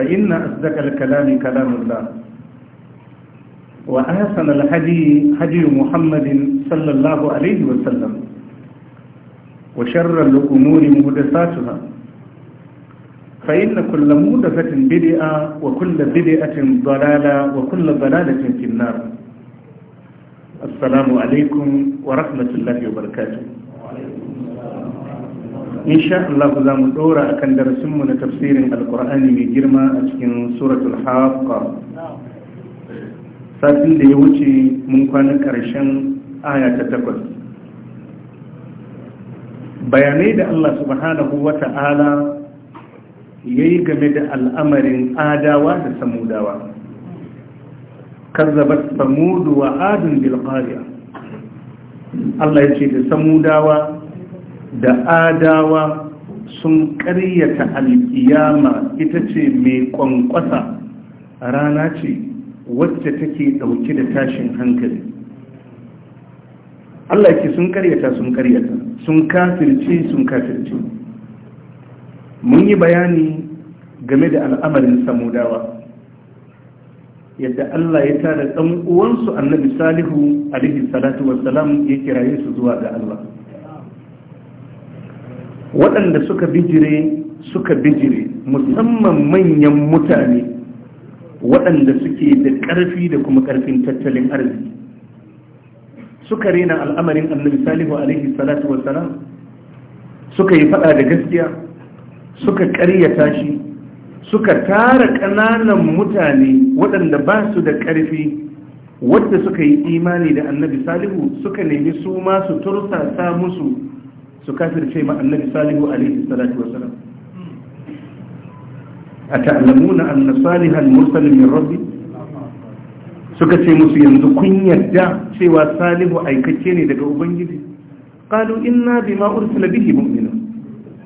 فإن أصدق الكلام كلام الله وأحسن الهدي هدي محمد صلى الله عليه وسلم وشر الأمور محدثاتها فإن كل محدثة بدعة وكل بدعة ضلالة وكل ضلالة في النار السلام عليكم ورحمة الله وبركاته وعليكم insha Allah za mu dora akan mu na tafsirin alkur'ani mai girma a cikin suratul haqqa satin da ya wuce mun kwana karshen aya ta takwas bayanai da Allah subhanahu wa yayi game da al'amarin adawa da samudawa kazzabat samudu wa adun bil Allah ya ce da samudawa da adawa sun ƙaryata alkiyama ita ce mai ƙwanƙwasa rana ce wacce take ɗauki da tashin hankali Allah ke sun ƙaryata sun ƙaryata sun kafirce sun kafirce mun yi bayani game da al'amarin samudawa yadda Allah ya tara ɗan uwansu annabi salihu alaihi salatu wassalam ya kiraye su zuwa ga Allah waɗanda suka bijire suka bijire musamman manyan mutane waɗanda suke da ƙarfi da kuma ƙarfin tattalin arziki suka rena al'amarin annabi salihu alaihi salatu wassalam suka yi faɗa da gaskiya suka ƙaryata shi suka tara ƙananan mutane waɗanda ba su da ƙarfi wadda suka yi imani da annabi salihu suka nemi su masu tursasa musu su ce ma annabi salihu alaihi salatu wasalam ata'lamuna anna salihan mursalin min rabbi suka ce musu yanzu kun yarda cewa salihu aikace ne daga ubangiji qalu inna bima ursila bihi mu'minun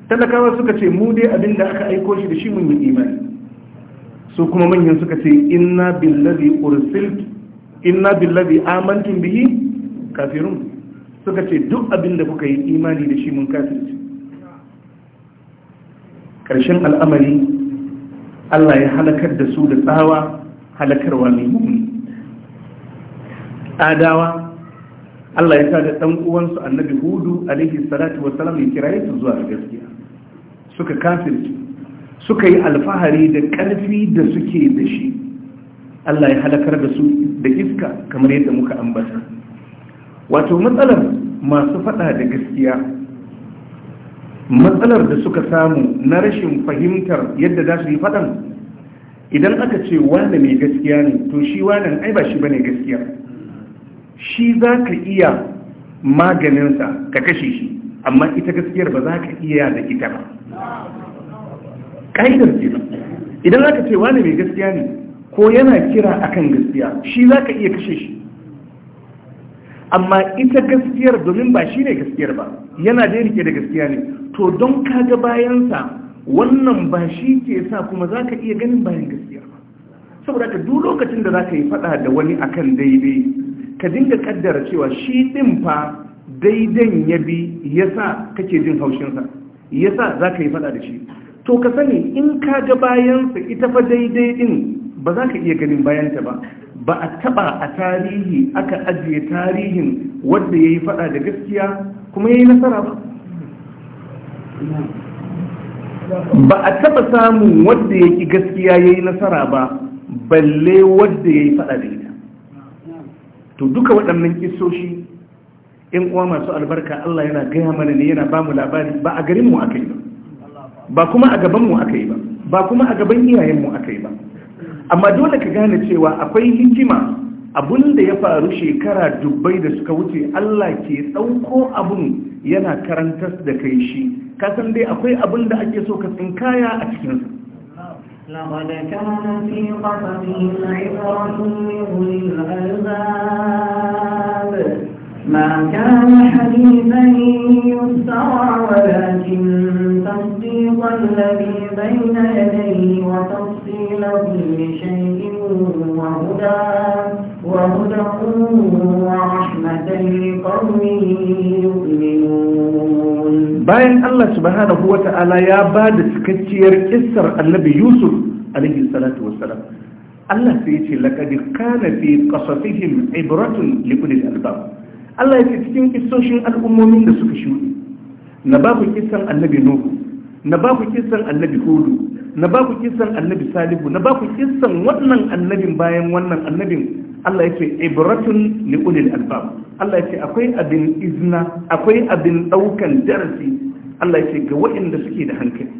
talakawa suka ce mu dai abinda aka aiko shi da shi mun yi imani su kuma manyan suka ce inna billazi ursilt inna billazi amantum bihi kafirun suka ce duk abin da kuka yi imani da shi mun kafirci ƙarshen al'amari Allah ya halakar da su da tsawa halakarwa mai muni adawa Allah ya sa da ɗan uwansu annabi hudu alaihi salatu wasalam ya kira su zuwa gaskiya suka kafirci suka yi alfahari da ƙarfi da suke da shi Allah ya halakar da su da iska kamar yadda muka ambata wato matsalar masu faɗa da gaskiya matsalar da suka samu na rashin fahimtar yadda za su yi faɗan? idan aka ce wanda mai gaskiya ne to shi wanan ai ba shi bane gaskiya shi za ka iya maganinsa ka kashe shi amma ita gaskiyar ba za ka iya da ita ba ƙa'idar ce idan aka ce wani mai gaskiya ne ko yana kira akan gaskiya shi za ka iya kashe shi amma ita gaskiyar domin ba shi ne gaskiyar ba yana da rike da gaskiya ne to don kaga bayansa wannan ba shi ke sa kuma za ka iya ganin bayan gaskiyar ba saboda ka duk lokacin da za ka yi faɗa da wani akan daidai ka dinga kaddara cewa shi din fa daidan ya bi ya sa kake jin haushinsa ya sa za ka yi fada da shi to ka sani in ka ga bayansa ita fa daidai din ba za ka iya ganin bayanta ba ba a taba a tarihi aka ajiye tarihin wanda ya yi fada da gaskiya kuma ya yi nasara ba ba a taba samun wanda ya ki gaskiya ya yi nasara ba balle wanda ya yi fada da ita to duka waɗannan kisoshi in uwa masu albarka Allah yana gaya mana ne yana ba mu labari ba a garinmu aka yi ba ba kuma a gabanmu aka yi ba ba kuma a gaban iyayenmu aka yi ba amma dole ka gane cewa akwai hikima abun da ya faru shekara dubbai da suka wuce Allah ke ɗauko abun yana karantar da kai shi kasan dai akwai abun da ake so ka tsinkaya a cikinsa لقد كان في عبرة الألباب ما كان حديثا يسترى ولكن تصديق الذي بين يديه وتفصيل كل شيء وهدى وهدى ورحمة لقوم يؤمنون باين الله سبحانه وتعالى يا بعد سكتير إسر النبي يوسف عليه الصلاة والسلام الله في لقد كان في قصصهم عبرة لكل الألباب Allah ya ce cikin kisoshin al'ummomin da suka shuɗe na ba ku kisan annabi nuhu na ba ku kisan annabi hudu na ba ku kisan annabi salihu na ba ku kisan wannan annabin bayan wannan annabin Allah ya ce ibratun li ulil albab Allah ya ce akwai abin izna akwai abin daukan darasi Allah ya ce ga waɗanda suke da hankali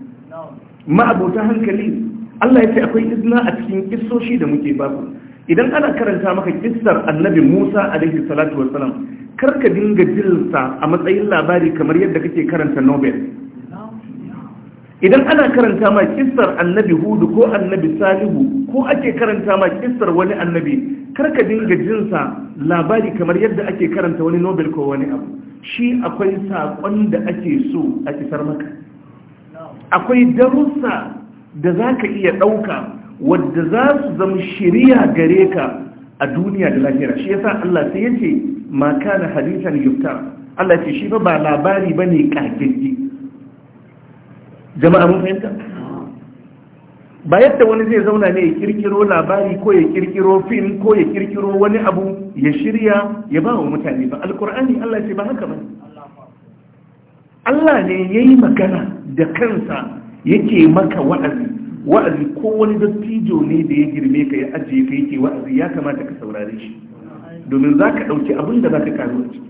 ma'abota hankali Allah ya ce akwai izna a cikin kissoshi da muke baku idan ana karanta maka kissar annabi Musa alaihi salatu wassalam karka dinga jinsa a matsayin labari kamar yadda kake karanta nobel idan ana karanta ma kissar annabi hudu ko annabi salihu ko ake karanta ma kissar wani annabi karka dinga jinsa labari kamar yadda ake karanta wani nobel ko wani abu shi akwai saƙon da ake so a kisar maka akwai darussa da za ka iya ɗauka wadda za su zama shirya gare ka a duniya da lafiya shi yasa Allah sai ya ce Maka na hadisan yuftar Allah ce shi ba labari ba ne jama'a mun fahimta ba yadda wani zai zauna ne ya kirkiro labari ko ya kirkiro fim ko ya kirkiro wani abu ya shirya ya ba wa mutane ba alkur'ani Allah ce ba haka ba Allah ne ya yi magana da kansa yake maka wa'azi wa'azi ko wani dattijo ne da ya girme ka ya ajiye ka yake wa'azi ya kamata ka saurare shi domin za ka ɗauki abin da za ka karu a ciki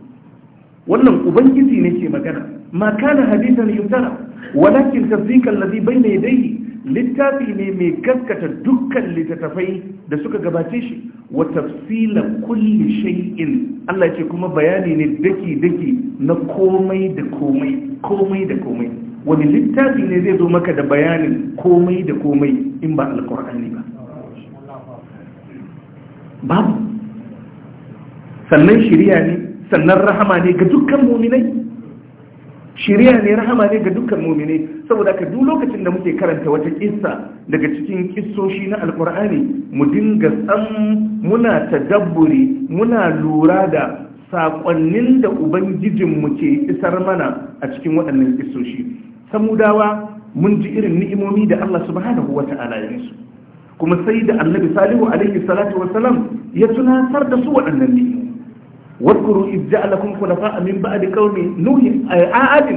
wannan ubangiji ne ke magana ma kana hadisan yutara walakin tasdiqan ladhi bayna yadayhi littafi ne mai gaskata dukkan littattafai da suka gabace shi wa tafsila kulli shay'in Allah ce kuma bayani ne daki daki na komai da komai komai da komai wani littafi ne zai zo maka da bayanin komai da komai in ba alkur'ani ba babu sannan shiriya ne sannan rahama ne ga dukkan muminai shiriya ne rahama ne ga dukkan muminai saboda ka duk lokacin da muke karanta wata kissa daga cikin kissoshi na alkur'ani mu dinga san muna tadabburi muna lura da saƙonnin da ubangijinmu ke isar mana a cikin waɗannan kissoshi samudawa mun ji irin ni'imomi da Allah subhanahu wa ta'ala ya kuma sai da annabi salihu alaihi salatu wasalam ya tunatar da su waɗannan ni'imomi واذكروا إذ جعلكم خلفاء من بعد قوم نوح عاد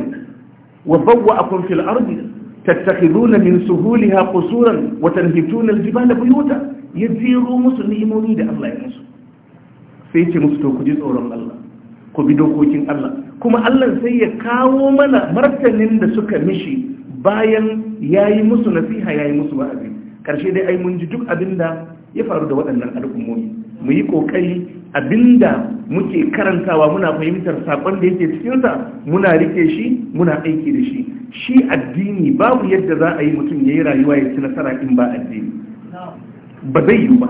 وبوأكم في الأرض تتخذون من سهولها قصورا وتنهتون الجبال بيوتا يزيروا مسلمون da Allah ya musu sai ce musu to ku ji tsoron Allah ku bi dokokin Allah kuma Allah sai ya kawo mana martanin da suka mishi bayan yayi musu nasiha yayi musu wa'azi karshe dai ai mun ji duk abinda ya faru da waɗannan al'ummomi mu yi kokari abinda muke karantawa muna fahimtar sakon da yake cikinsa muna rike shi muna aiki da shi shi addini babu yadda za a yi mutum ya yi rayuwa ya ci nasara in ba addini ba zai yi ba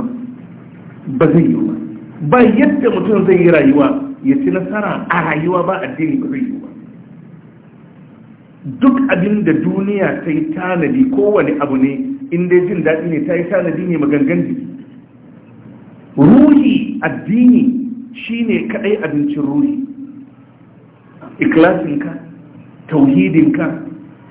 ba zai yi ba ba yadda mutum zai yi rayuwa ya ci nasara a rayuwa ba addini ba zai yi ba duk abin da duniya ta yi tanadi kowane abu ne in dai jin daɗi ne ta yi tanadi ne magangan jiki ruhi addini shine kaɗai abincin ruhi ikilasinka, tauhidinka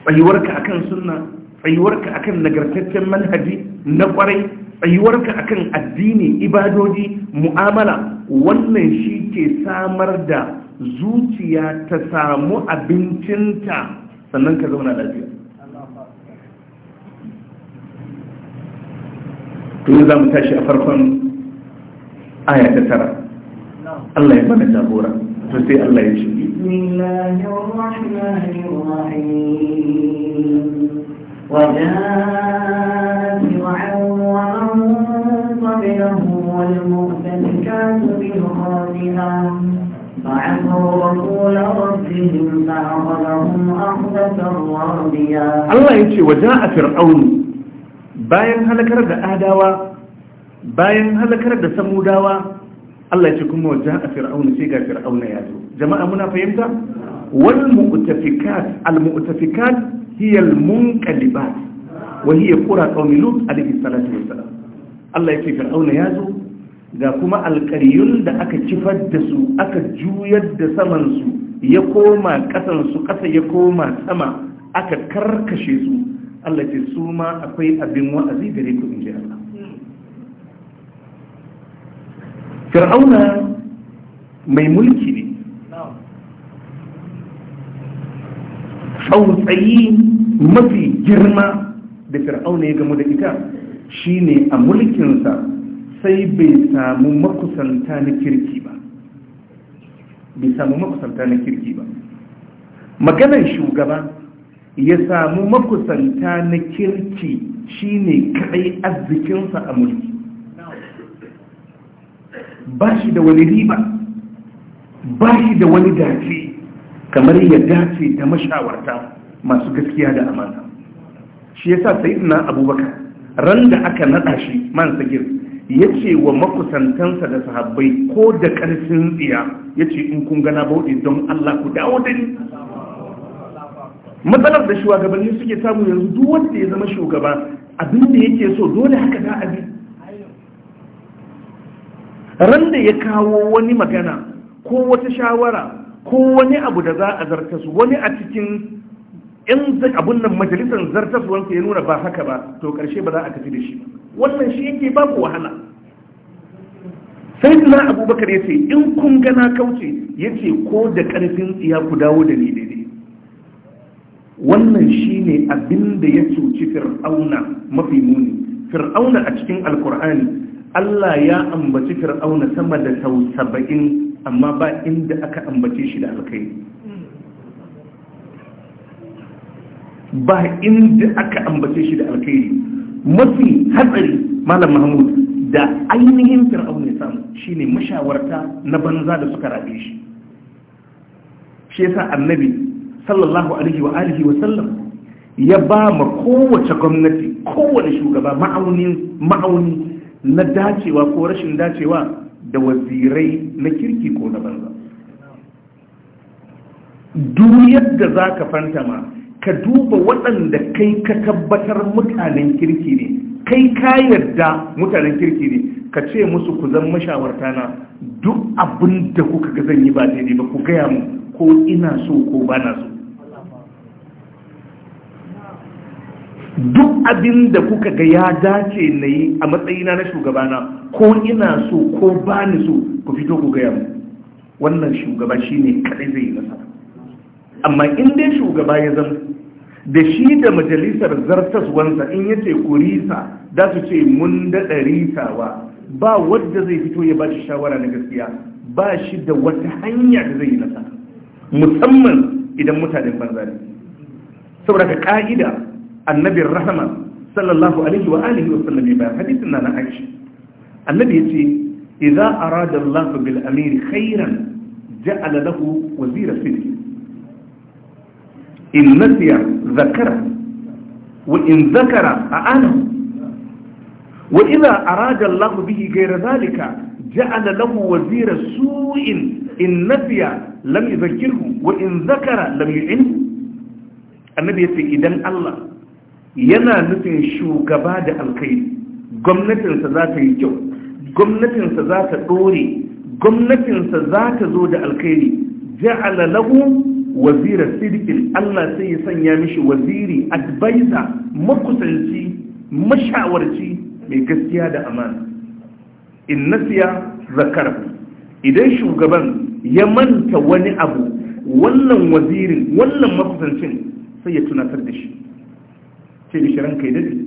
tsayuwarka akan sunna tsayuwarka akan nagartaccen manhaji na kwarai tsayuwarka akan addini ibadoji mu'amala wannan shi ke samar da zuciya ta samu abincinta sannan ka zauna lafiya tun za mu tashi a farkon آية ترى الله يبنى الدهورة الله يشي بسم الله الرحمن الرحيم وجاءت وعورا قبله والمؤسس كانت فعفوا رسول ربهم فأخذهم أخذة الرابية الله يشي وجاء فرعون باين هلك رد آدوا bayan halakar da samudawa Allah ce kuma wajen a fir'auna sai ga fir'auna ya zo jama'a muna fahimta wal mu'tafikat al mu'tafikat hiya al munqalibat wa hiya qura qaumi lut alayhi salatu salam Allah ya ce fir'auna ya zo ga kuma alƙaryun da aka kifar da su aka juyar da saman su ya koma kasan su kasa ya koma sama aka karkashe su Allah ya ce su ma akwai abin wa'azi gare ku in ji Allah fir'auna mai mulki ne tsautsayi mafi girma da fir'auna ya gamu da ita shine a mulkinsa sai bai samu makusanta na kirki ba bai samu makusanta na kirki ba maganar shugaba ya samu makusanta na kirki shine kadai arzikinsa a mulki ba shi da wani riba ba shi da wani dace kamar ya dace da mashawarta masu gaskiya da amana shi yasa sai ina abubakar ran da aka naɗa shi man sagir ya ce wa makusantansa da sahabbai ko da ƙarfin tsiya ya ce in kun gana bauɗe don allah ku dawo da ni matsalar da shugabanni suke samu yanzu duk wanda ya zama shugaba abin da yake so dole haka za a bi ran da ya kawo wani magana ko wata shawara ko wani abu da za a zartas wani a cikin in abun nan majalisar wanke ya nuna ba haka ba to karshe ba za a tafi da shi wannan shi yake babu wahala sai na abubakar ya ce in kun gana kauce ya ce ko da karfin tsiya ku dawo da ni daidai wannan shi ne abin da ya cuci fir'auna mafi muni fir'auna a cikin alkur'ani Allah ya ambaci fir'auna sama da sau saba'in amma ba inda aka ambace shi da alkai ba inda aka ambace shi da alkai mafi hatsari malam mahmud da ainihin fir'auna ya samu shine mashawarta na banza da suka rabe shi shi yasa annabi sallallahu alaihi wa alihi wa sallam ya ba ma kowace gwamnati kowane shugaba ma'aunin ma'auni na dacewa ko rashin dacewa da wazirai na kirki ko na banza duk yadda za ka fantama ka duba waɗanda kai ka tabbatar mutanen kirki ne kai ka yarda mutanen kirki ne ka ce musu ku zan mashawarta na duk abin da kuka ga zan yi ba daidai ba ku gaya mu ko ina so ko ba na so duk abin da kuka ga ya dace na yi a matsayina na shugabana ko ina so ko ba ni so ku fito ku gaya mu wannan shugaba shi ne kadai zai yi nasa. amma in dai shugaba ya zama da shi da majalisar zartaswansa in ya ce ku risa za su ce mun daɗa risawa ba wadda zai fito ya ba shi shawara na gaskiya ba shi da wata hanya da zai yi nasa. musamman idan mutanen banza ne saboda ka ka'ida annabin rahama sallallahu alaihi wa alihi wa sallam bayan hadisin na na aisha annabi yace idza arada Allah bil amir khairan ja'ala lahu wazira sidq in nasiya zakara wa in zakara a'anahu وإذا أراد الله به غير ذلك جعل له وزير سوء إن نفي لم يذكره وإن ذكر لم يعنه النبي يقول idan allah. yana nufin shugaba da alkhairi gwamnatinsa za ta yi kyau gwamnatinsa za ta ɗore gwamnatinsa za ta zo da alkhairi ja'ala lahu wazira sirkin Allah sai ya sanya mishi waziri advisor makusanci mashawarci mai gaskiya da amana in nasiya zakar idan shugaban ya manta wani abu wannan wazirin wannan makusancin sai ya tunatar da shi ce shirin kai dadi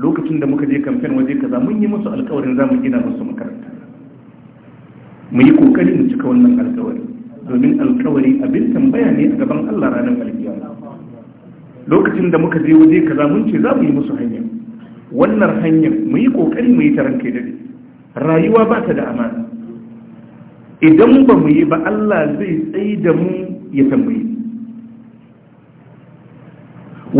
lokacin da muka je kamfen waje kaza mun yi musu alkawarin za mu gina musu makaranta mu yi kokari mu cika wannan alkawari domin alkawari abin tambaya ne a gaban Allah ranar alkiyama lokacin da muka je waje kaza mun ce za mu yi musu hanya wannan hanyar mu yi kokari mu yi taron kai dadi rayuwa ba ta da amana idan ba mu yi ba Allah zai tsaye da mu ya tambaye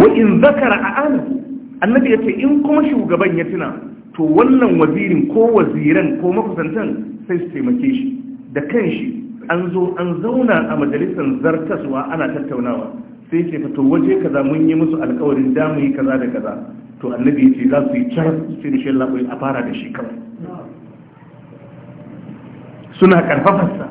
wa in zakara a anahu annabi ya ce in kuma shugaban ya tuna to wannan wazirin ko waziran ko makusantan sai su taimake shi da kan shi an zo an zauna a majalisar zartaswa ana tattaunawa sai ce to waje kaza mun yi musu alkawarin da yi kaza da kaza to annabi ya ce za su yi su yi shi Allah a fara da shi kawai suna karfafarsa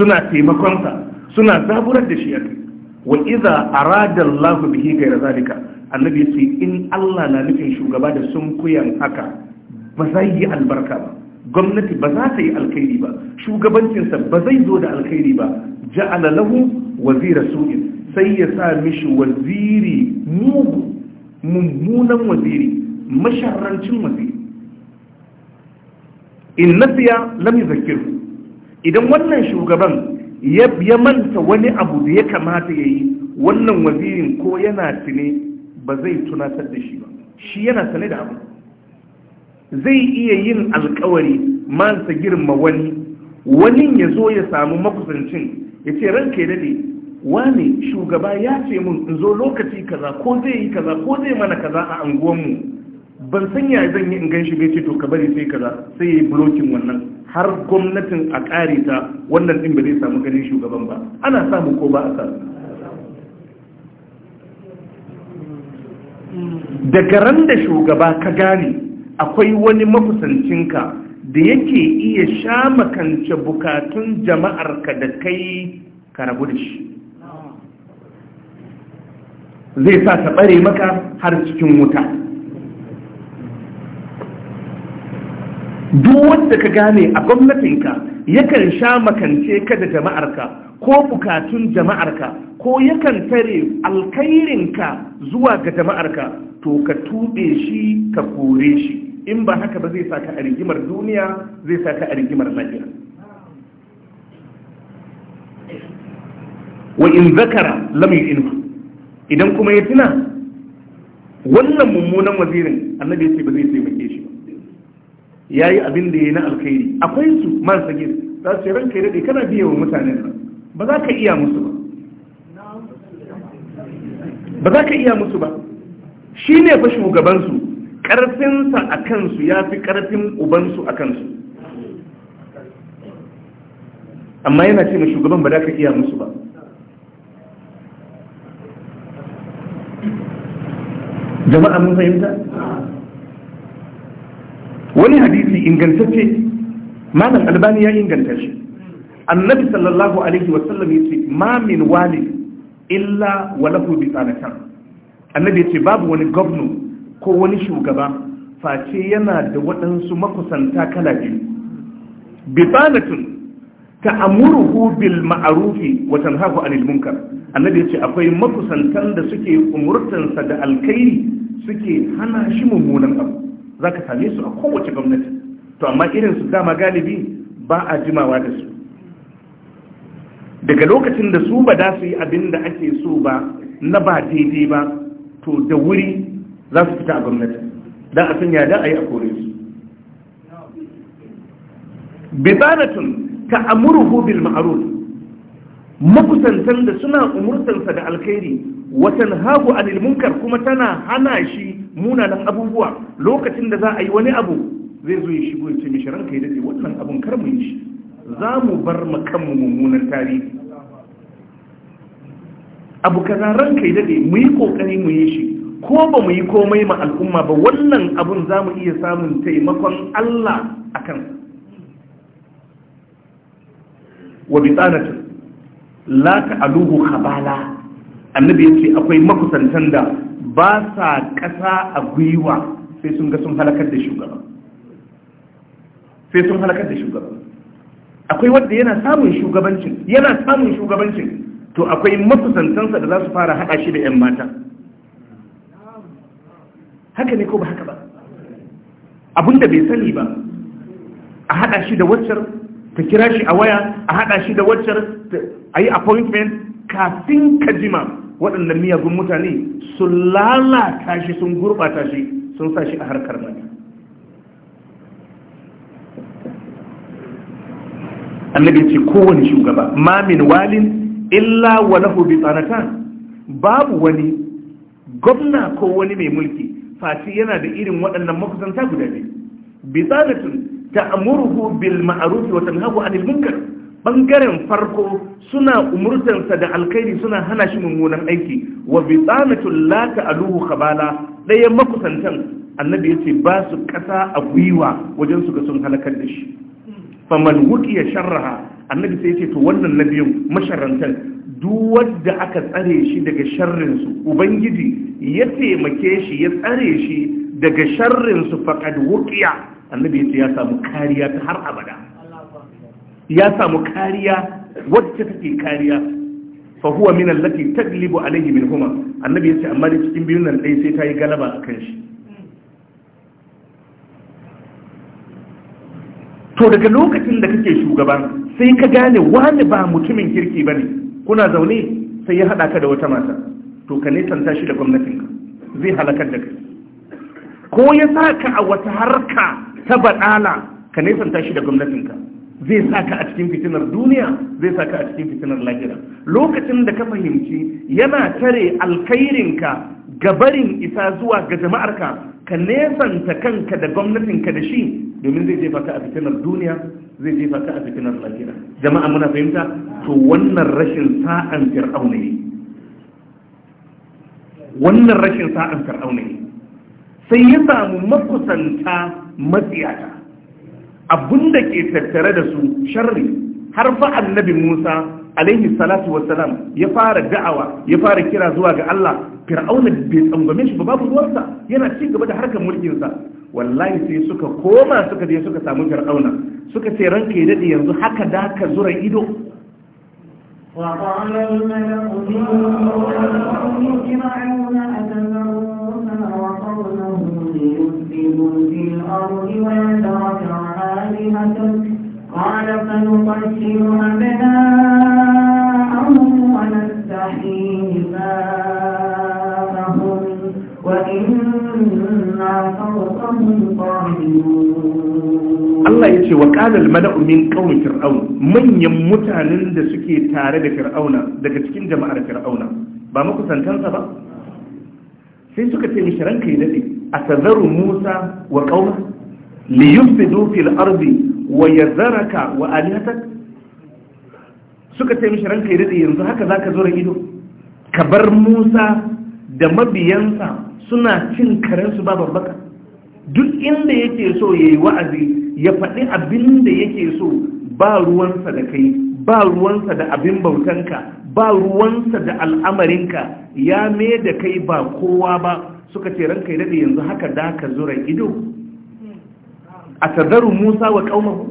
suna taimakonsa suna zaburar da shi a kai wa iza arada Allah bihi ghayra zalika annabi yace in Allah na nufin shugaba da sun kuyan haka ba zai yi albarka ba gwamnati ba za ta yi alkhairi ba shugabancinsa ba zai zo da alkhairi ba ja'ala lahu wazira su'in sai ya sa mishi waziri mugu mummunan waziri masharrancin waziri in nasiya lam yuzakkiru idan wannan shugaban ya manta wani abu da ya kamata ya yi wannan wazirin ko yana tune ba zai tunatar da shi ba shi yana sane da abu zai iya yin alkawari mansa girma wani wani ya zo ya samu makusancin ya ce ranka ya dade wani shugaba ya ce mun in zo lokaci kaza ko zai yi kaza ko zai mana kaza a anguwanmu ban sanya zan yi in gan shi bai ce to ka bari sai kaza sai ya yi blokin wannan har gwamnatin a ƙare ta wannan ɗin ba zai samu ganin shugaban ba ana samu ko ba a samu daga ran da shugaba ka gane akwai wani mafusancinka da yake iya sha makance bukatun jama'arka da kai ka da shi zai sa ta ɓare maka har cikin wuta duk wanda ka gane a gwamnatinka yakan sha makance ka da jama'arka ko bukatun jama'arka ko yakan tare alkairinka zuwa ga jama'arka to ka tube shi ka kore shi in ba haka ba zai saka a rigimar duniya zai saka a rigimar lahira wa in zakara lam yu'inhu idan kuma ya tuna wannan mummunan wazirin annabi ya ce ba zai taimake shi ya yi abin da ya yi na alkhairi akwai su marasa gina za su ranka ya daɗe kana biya wa mutanen ba za ka iya musu ba ba za ka iya musu ba shi ne fa shugabansu ƙarfinsa a kansu ya fi ƙarfin ubansu a kansu amma yana ce ma shugaban ba za ka iya musu ba jama'a mun fahimta wani hadisi ingantacce malam albani ya inganta shi annabi sallallahu alaihi wa sallam yace ma min wali illa wa lahu bi annabi yace babu wani gwamna ko wani shugaba face yana da waɗansu makusanta kala biyu ta ta'amuruhu bil ma'arufi wa tanhahu 'anil munkar annabi yace akwai makusantan da suke umurtansa da alkhairi suke hana shi mummunan abu za ka same su a kowace gwamnati to amma irin su dama galibi ba a jimawa da su daga lokacin da su ba za su yi abin da ake so ba na ba daidai ba to da wuri za su fita a gwamnati don a sanya da a yi a kore su bibanatun ta amuru bil ma'arun makusantan da suna umurtansa da alkhairi watan hagu anil munkar kuma tana hana shi munanan abubuwa lokacin da za a yi wani abu zai zo ya shigo ya ce mishi ranka ya daɗe wannan abun kar mu yi shi za mu bar mu kanmu mummunan tarihi abu kaza ranka ya daɗe mu yi kokari mu yi shi ko ba mu yi komai ma al'umma ba wannan abun za mu iya samun taimakon Allah a kansa wa bitsanatu la ta'aluhu khabala annabi ya ce akwai makusantan da ba sa ƙasa a gwiwa sai sun ga sun halakar da shugaba sai sun halakar da shugaba akwai wadda yana samun shugabancin yana samun shugabancin to akwai makusantansa da za su fara haɗa shi da 'yan mata haka ne ko ba haka ba abinda bai sani ba a haɗa shi da waccar ta kira shi a waya a haɗa shi da waccar a yi appointment kafin ka jima waɗannan miyagun mutane sun lalata shi sun gurɓata shi sun sa shi a harkar mani annabin ce kowane shugaba mamin walin illa wa lahu babu wani gwamna ko wani mai mulki fati yana da irin waɗannan makusanta guda ne bi tsanatun ta'muruhu bil ma'ruf wa tanhahu 'anil munkar ɓangaren farko suna umurtansa da alkhairi suna hana shi mummunan aiki wa bitanatul lata aluhu kabala ɗaya makusantan annabi ya ce ba su ƙasa a gwiwa wajen su ga sun halakar da shi faman ya sharraha annabi sai ce to wannan na biyun masharrantan duk wanda aka tsare shi daga sharrinsu ubangiji ya taimake shi ya tsare shi daga sharrinsu faƙad wuƙiya annabi ya ce ya samu kariya ta har abada ya samu kariya wacce take kariya fa huwa min allati taglibu alayhi min huma annabi yace amma da cikin biyun nan dai sai ta yi galaba kan shi to daga lokacin da kake shugaba sai ka gane wani ba mutumin kirki bane kuna zaune sai ya hada ka da wata mata to ka nesanta shi da gwamnatinka zai halakar da kai ko ya saka a wata harka ta baɗala ka nesanta shi da gwamnatin ka. zai saka a cikin fitinar duniya zai saka a cikin fitinar lahira lokacin da ka fahimci yana tare alkhairinka barin isa zuwa ga jama'arka ka nesanta kanka da gwamnatinka da shi domin zai jefa ka a fitinar duniya zai jefa ka a fitinar lahira jama'a muna fahimta to wannan rashin sa'an fir'auna ne wannan rashin sa'an fir'auna ne sai ya samu makusanta matsiyata abun da ke tattare da su sharri har fa annabi Musa alaihi salatu salam ya fara da'awa ya fara kira zuwa ga Allah fir'auna bai tsangwame shi ba babu ruwansa yana ci gaba da harkar mulkinsa wallahi sai suka koma suka je suka samu fir'auna suka ce ranka ya dade yanzu haka da ka zura ido وقال الملأ من فرعون أتذر موسى وقومه ليفسدوا في الأرض ويترك آلهتك قال فنقتل أبناءهم ونستحيي نساءهم وإنا فوقهم قاهرون Allah ya ce wa ƙalal mala'u min ƙaunin fir'aun manyan mutanen da suke tare da fir'auna daga cikin jama'ar fir'auna ba makusantansa ba sai suka ce mishi ranka yi daɗe a tazaru musa wa ƙaunar liyufidu fil ardi wa yazaraka wa alihatak suka ce mishi ranka yadda yanzu haka zaka zura ido ka bar Musa da mabiyansa suna cin karen su ba babbaka duk inda yake so yayi wa'azi ya faɗi abin da yake so ba ruwansa da kai ba ruwansa da abin bautanka ba ruwansa da al'amarinka ya me da kai ba kowa ba suka ce ranka yadda yanzu haka da ka zura ido a tazaru musa wa ƙaunahu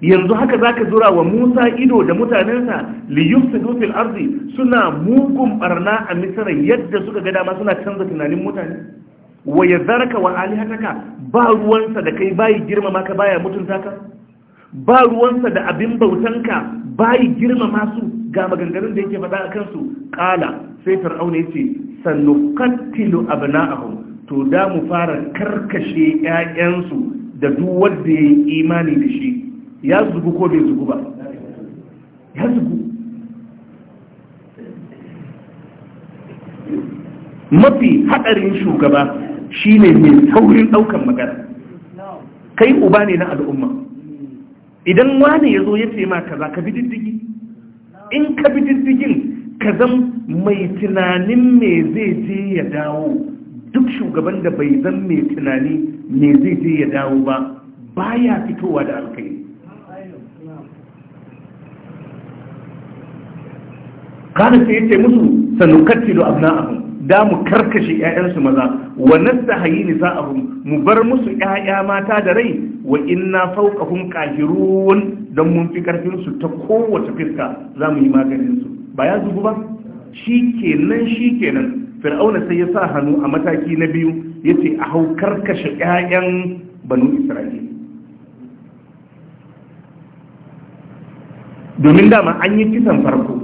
yanzu haka za ka zura wa musa ido da mutanensa liyufta dufil arzi suna mugun barna a misira yadda suka ga dama suna canza tunanin mutane wa ya zaraka wa alihataka ba ruwansa da kai bayi girmama ka baya mutunta ka ba ruwansa da abin bautanka bayi girmama su ga maganganun da yake faɗa a kansu ƙala sai fir'auna yace sanukattilu abna'ahum to da mu fara karkashe ƴaƴansu da duk wanda ya yi imani da shi ya zugu ko bai zugu ba ya zugu mafi haɗarin shugaba shine mai saurin ɗaukan magana kai uba ne na al'umma idan wani ya zo ya ce ma kaza ka bi diddigi in ka bi diddigin ka zan mai tunanin me zai je ya dawo duk shugaban da bai zan mai tunani me zai je ya dawo ba baya fitowa da alkai kada sai yace musu sanukattilu abna'ahum da mu karkashe 'ya'yansu maza wa nastahayi nisa'ahum mu bar musu 'ya'ya mata da rai wa inna fawqahum qahirun dan mun fi karfin ta kowace fiska zamu yi maganin su ba ya zubu ba shikenan shikenan fir'auna sai ya sa hannu a mataki na biyu yace a hau karkashe ƴaƴan banu Isra'il domin dama an yi kisan farko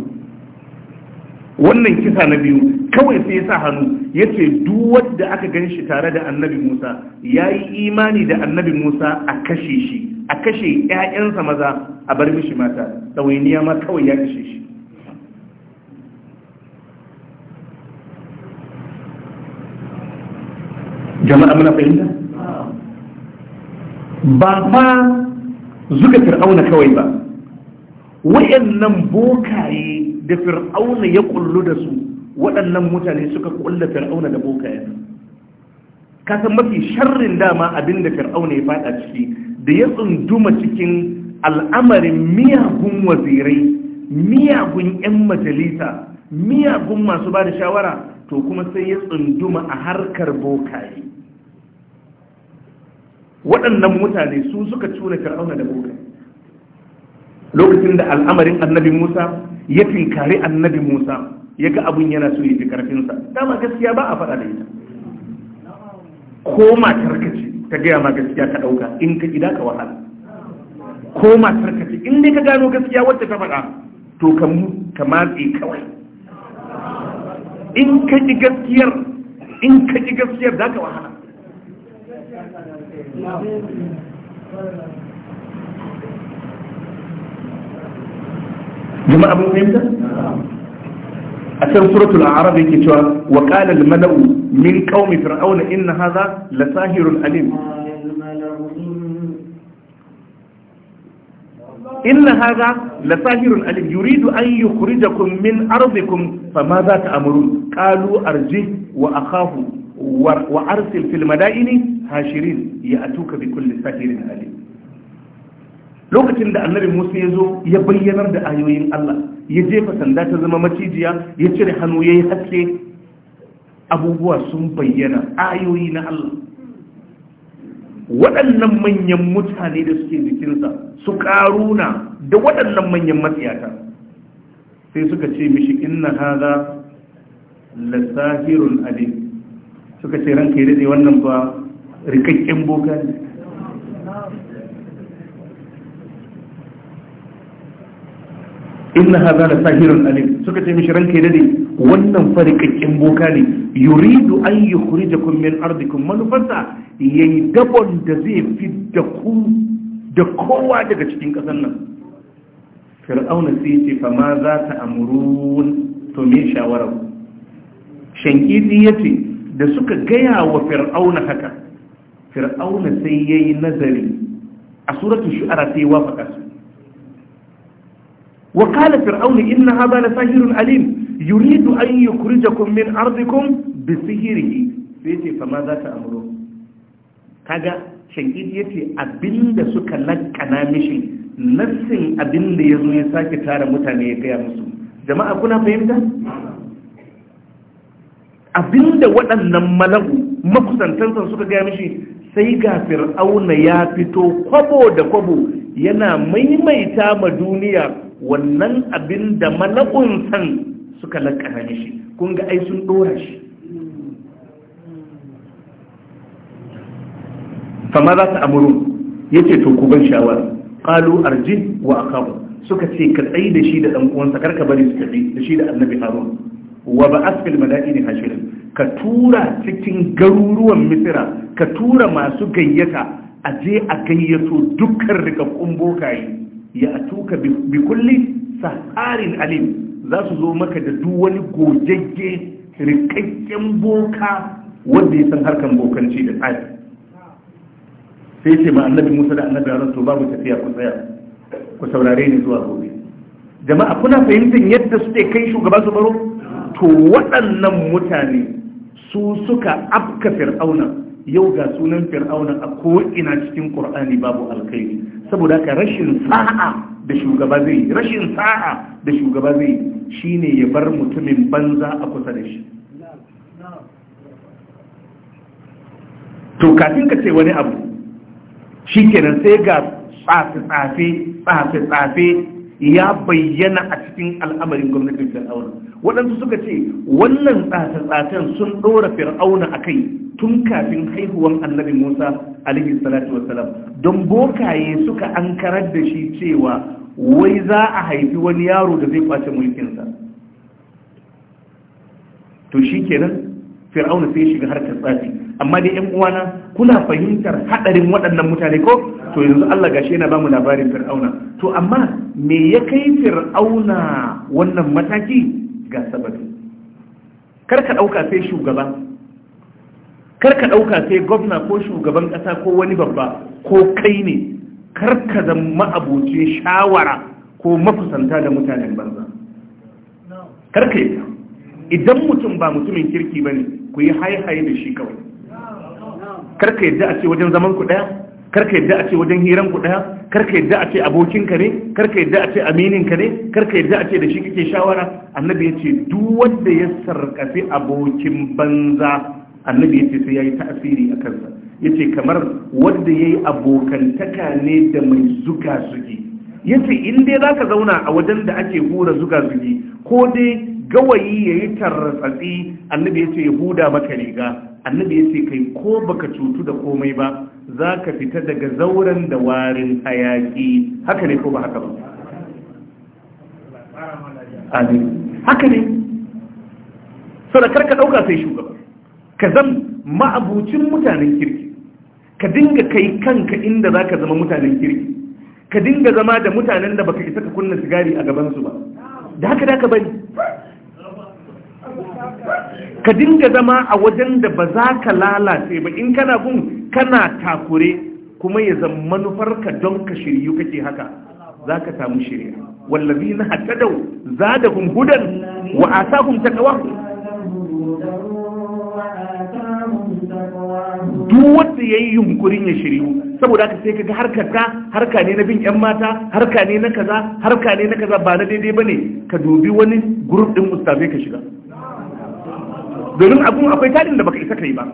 wannan kisa na biyu kawai sai ya sa hannu yace duk wanda aka ganshi tare da annabi musa ya yi imani da annabi musa a kashe shi a kashe 'ya'yansa maza a bar mishi mata ɗawainiya ma kawai ya kashe shi jama'a muna fahimta ba ma zuga fir'auna kawai ba wayannan bokaye da fir'auna ya kullu da su waɗannan mutane suka kulla fir'auna da bokaye ka san mafi sharrin dama da fir'auna ya fada ciki da ya tsunduma cikin al'amarin miyagun wazirai miyagun 'yan majalisa miyagun masu ba da shawara to kuma sai ya tsunduma a harkar bokaye waɗannan mutane su suka cura fir'auna da bokaye lokacin da al'amarin annabi musa ya tinkari annabi musa ya ga abin yana so ya fi karfinsa dama gaskiya ba a faɗa da ita ko matar ka ce ta gaya ma gaskiya ka ɗauka in ka gida ka wahala ko matar ka ce in dai ka gano gaskiya wacce ta faɗa to ka matse kawai in ka ji gaskiyar in ka ji gaskiyar za ka wahala jama'a abin fahimta a can suratul arab yake cewa wa qala al mala'u min qaumi fir'auna inna hadha la sahirun alim inna hadha la sahirun alim yuridu an yukhrijakum min ardikum ta ta'murun Kalu arji wa akhahu wa arsil fil madaini hashirin ya'tuka bi kulli sahirin alim lokacin da annabi musa ya zo ya bayyanar da ayoyin allah ya jefa sanda ta zama macijiya ya cire hannu ya yi haske abubuwa sun bayyana ayoyi na allah waɗannan manyan mutane da suke jikinsa su ƙaruna da waɗannan manyan matsiyata sai suka ce mishi inna haza lasahirun ali suka ce ranka yi daɗe wannan ba rikakken boka ne inna hadha la sahirun alim suka ce mishi ranka dai wannan farikakken boka ne yuridu an yukhrijakum min ardikum manufarsa yayi dabon da zai fidda ku da kowa daga cikin kasan nan fir'auna sai ce fa ma za ta amurun to me shawara shankiti yace da suka gaya wa fir'auna haka fir'auna sai yayi nazari a suratul shu'ara sai wafaka su وقال فرعون إن هذا لساهر عليم يريد أن يخرجكم من أرضكم بسهره فيتي فماذا تأمرون كذا شنكيد يتي أبن دا سكا لك نامشي نفس أبن دا ساكي تارا متاني يا مسلم جماعة كنا فهمتا أبين دا ودن ملغ مقصن تنسى سكا جامشي sai ga fir'auna ya fito kwabo da kwabo yana maimaita ma duniya wannan abin da malakunsan suka lakana shi kun ga ai sun dora shi fama za ta amuru ya ce to ku ban ƙalu arjin wa akamu suka ce ka tsayi da shi da ɗan uwansa karka bari su tafi da shi da annabi harun wa ba asfil mala'ini hashirin ka tura cikin garuruwan misira ka tura masu gayyata a je a gayyato dukkan rikakkun bokaye ya tuka bi kulli saharin alim za su zo maka da duk wani gojegge rikakken boka wanda ya san harkan bokanci da tsari sai ce ma annabi musa da annabi aron to babu tafiya ku tsaya ku saurare ni zuwa gobe jama'a kuna fahimtar yadda su ke kai shugaba su baro to waɗannan mutane su suka afka fir'auna yau ga sunan fir'auna a ko'ina cikin ƙur'ani babu alkhairi saboda ka rashin sa'a da shugaba zai yi rashin sa'a da shugaba zai yi shine ya bar mutumin banza a kusa da shi to kafin ka ce wani abu shi kenan sai ga tsafe-tsafe tsafe-tsafe ya bayyana a cikin al'amarin gwamnatin fir'auna waɗansu suka ce wannan tsatsatsatan sun ɗora fir'auna a kai tun kafin haihuwan annabi musa alaihi salatu wasalam don bokaye suka ankarar da shi cewa wai za a haifi wani yaro da zai kwace mulkinsa to shi kenan fir'auna sai shiga harkar tsafi amma dai yan uwana kuna fahimtar haɗarin waɗannan mutane ko to yanzu Allah gashi yana bamu labarin fir'auna to amma me ya kai fir'auna wannan mataki ga sababi karka dauka sai shugaba karka dauka sai gwamna ko shugaban kasa ko wani babba ko kai ne karka zama abocin shawara ko mafusanta da mutanen banza karka yi idan mutum ba mutumin kirki bane ku yi haihaye da shi kawai karka yadda a ce wajen zaman ku daya karka yadda a ce wajen hiran ku daya karka yadda a ce abokin ka ne karka yadda a ce aminin ka ne karka yadda a ce da shi kake shawara annabi ya ce duk wanda ya sarkafi abokin banza annabi ya ce sai ya yi ta'asiri a kansa ya ce kamar wanda ya yi abokantaka ne da mai zuga zugi ya ce in dai za ka zauna a wajen da ake hura zuga zugi ko dai gawayi ya yi tarratsatsi annabi ya ce ya huda maka riga annabi ya ce kai ko baka cutu da komai ba za ka fita daga zauren da warin hayaki haka ne ko ba haka ba haka ne sadakar ka ɗauka sai shugaba ka zan ma'abucin mutanen kirki ka dinga kai kanka inda za ka zama mutanen kirki ka dinga zama da mutanen da baka isa ka kunna sigari a gabansu ba da haka da ka bari ka dinga zama a wajen da ba za ka lalace ba in kana bin kana takure kuma ya zama manufarka don ka shiryu kake haka za ka samu shirya wallazi na hatta da za da hudan wa a sa hun takawa duk wanda ya yi yunkurin ya shiryu saboda haka sai kaga harka ta harka ne na bin yan mata harka ne na kaza harka ne na kaza ba na daidai bane ka dubi wani gurup ɗin mustafe ka shiga domin abin akwai tarin da baka isa kai ba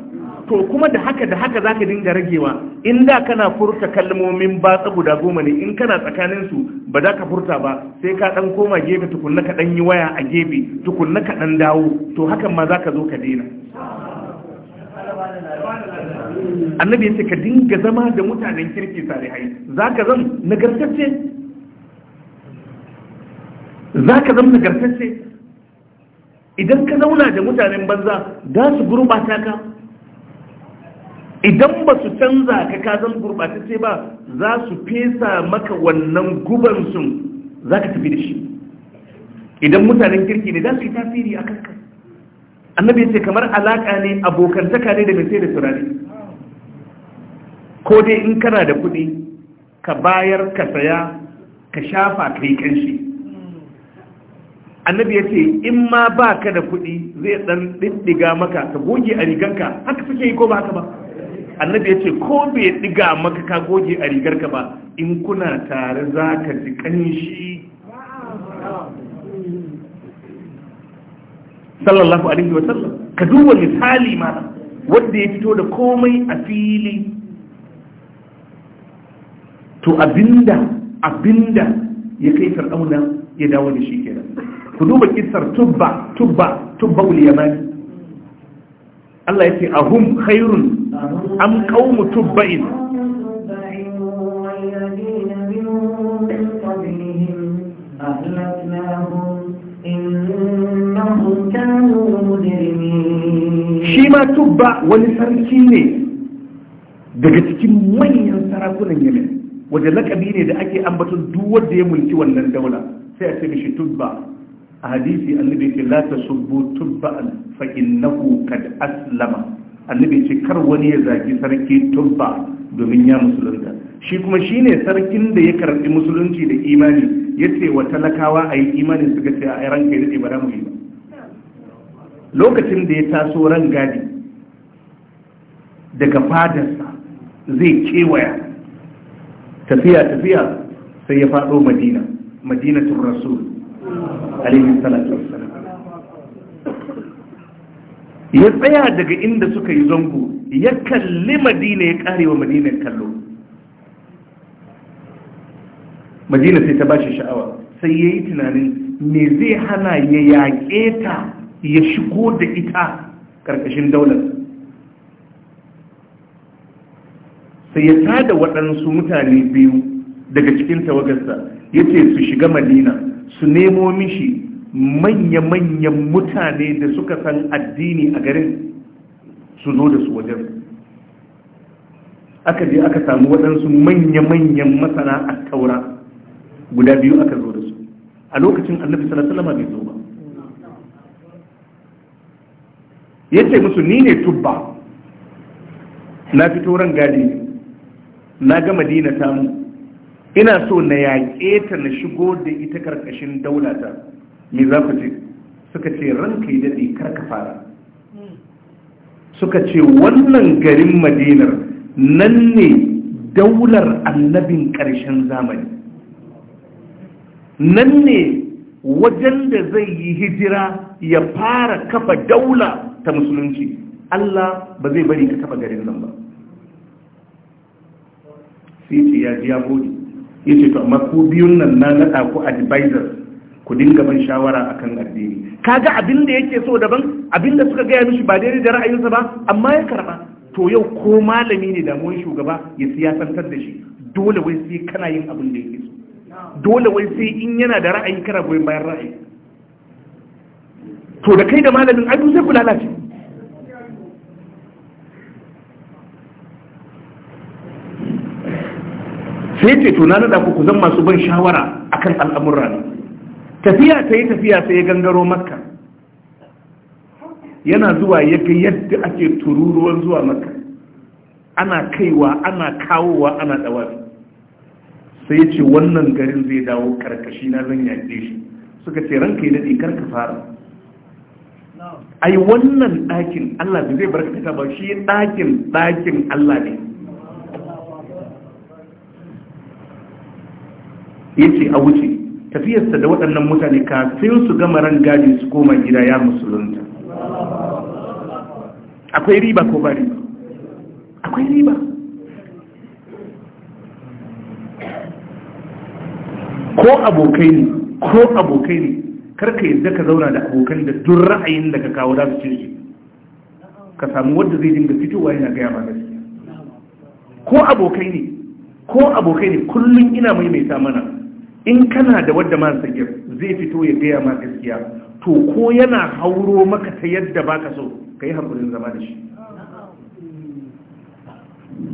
to kuma da haka da haka zaka dinga ragewa in da kana furta kalmomin batsa guda goma ne in kana tsakanin su ba za ka furta ba sai ka dan koma gefe tukunna ka dan yi waya a gefe tukunna ka dan dawo to hakan ma zaka zo ka daina annabi ya ce ka dinga zama da mutanen kirki salihai zaka zan nagartacce zaka zan nagartacce idan ka zauna da mutanen banza za su gurbata ka idan ba su canza ka gurbata sai ba za su fesa maka wannan gubansu za ka tafi da shi idan mutanen kirki ne za su yi tasiri a kanka annabi ce kamar alaƙa ne abokantaka ne da mai sai da turare ko dai in kana da kuɗi ka bayar ka saya ka shafa ka yi kanshi annabi ya ce in ma ba ka da kuɗi zai ɗan ɗiɗɗiga maka ka goge a rigarka haka suke yi ko ba haka ba annabi ya ce ko bai ɗiga maka ka goge a rigarka ba in kuna tare za ka ji ƙanshi sallallahu alaihi wa sallam ka duba misali ma wanda ya fito da komai a fili to abinda abinda ya kai fir'auna ya dawo da shi kenan ku duba kisar tubba tubba tubba uliyamani Allah ya ce ahum khairun am qaumu tubba'in shi ma tubba wani sarki ne daga cikin manyan sarakunan yamin wajen lakabi ne da ake ambaton duk wanda ya mulki wannan daula sai a ce mishi tubba a hadisi annabi ce la tubba, tubba'an fa innahu kad aslama annabi ce kar wani ya zaki sarki tubba domin ya musulunta shi kuma shine sarkin da ya karbi musulunci da imani yace wa talakawa ayi imani suka ce a ranka ya dade bara mu yi lokacin da ya taso ran gadi daga fadarsa zai kewaya tafiya tafiya sai ya faɗo madina madinatun rasul ya tsaya daga inda suka yi zango ya kalli madina ya kare wa kallo madina sai ta ba shi sha'awa sai ya yi tunanin me zai hana ya yaƙe ta ya shigo da ita ƙarƙashin daular sai ya tada waɗansu mutane biyu daga cikin tawagarsa ya ce su shiga madina su nemo mishi manya-manyan mutane da suka san addini a garin su zo da su wajen aka je aka samu waɗansu manya-manyan masana a taura guda biyu aka zo da su a lokacin annabi salama bai zo ba ya ce musu ni ne tubba na fito ran gadi na ga dina tamu ina so na yaƙe ta na shigo da ita karkashin daulata me za ku ce suka ce ranka yi daɗe karka fara suka ce wannan garin madinar nan ne daular annabin ƙarshen zamani nan ne wajen da zai yi hijira ya fara kafa daula ta musulunci Allah ba zai bari ka taba garin nan ba sai ce ya ji ya gode ya ce to amma ku biyun nan na naɗa ku advisor ku dinga ban shawara akan addini kaga abin da yake so daban abin da suka gaya mishi ba daidai da ra'ayinsa ba amma ya karba to yau ko malami ne damuwar shugaba ya siyasantar da shi dole wai sai kana yin abin da yake so dole wai sai in yana da ra'ayi kana goyon bayan ra'ayi to da kai da malamin ai sai ku lalace sai ce to na nada ku zan masu ban shawara akan al'amurra ne tafiya ta yi tafiya sai ya gangaro makka yana zuwa ya ga yadda ake tururuwan zuwa makka ana kaiwa ana kawowa ana dawafi sai ce wannan garin zai dawo karkashi na zan yaƙe shi suka ce ranka yi daɗe karka fara ai wannan ɗakin allah zai barka fita ba shi ɗakin ɗakin allah ne yace a wuce tafiyarsa da waɗannan mutane kafin su gama ran gadi su koma gida ya musulunta akwai riba ko ba riba akwai riba ko abokai ne ko abokai ne karka yadda ka zauna da abokan da duk ra'ayin da ka kawo za su ce ka samu wadda zai dinga fitowa yana gaya ma gaskiya ko abokai ne ko abokai ne kullum ina maimaita mana in kana da wadda ma sagir zai fito ya gaya ma gaskiya to ko yana hauro maka ta yadda baka so ka yi haƙurin zama da shi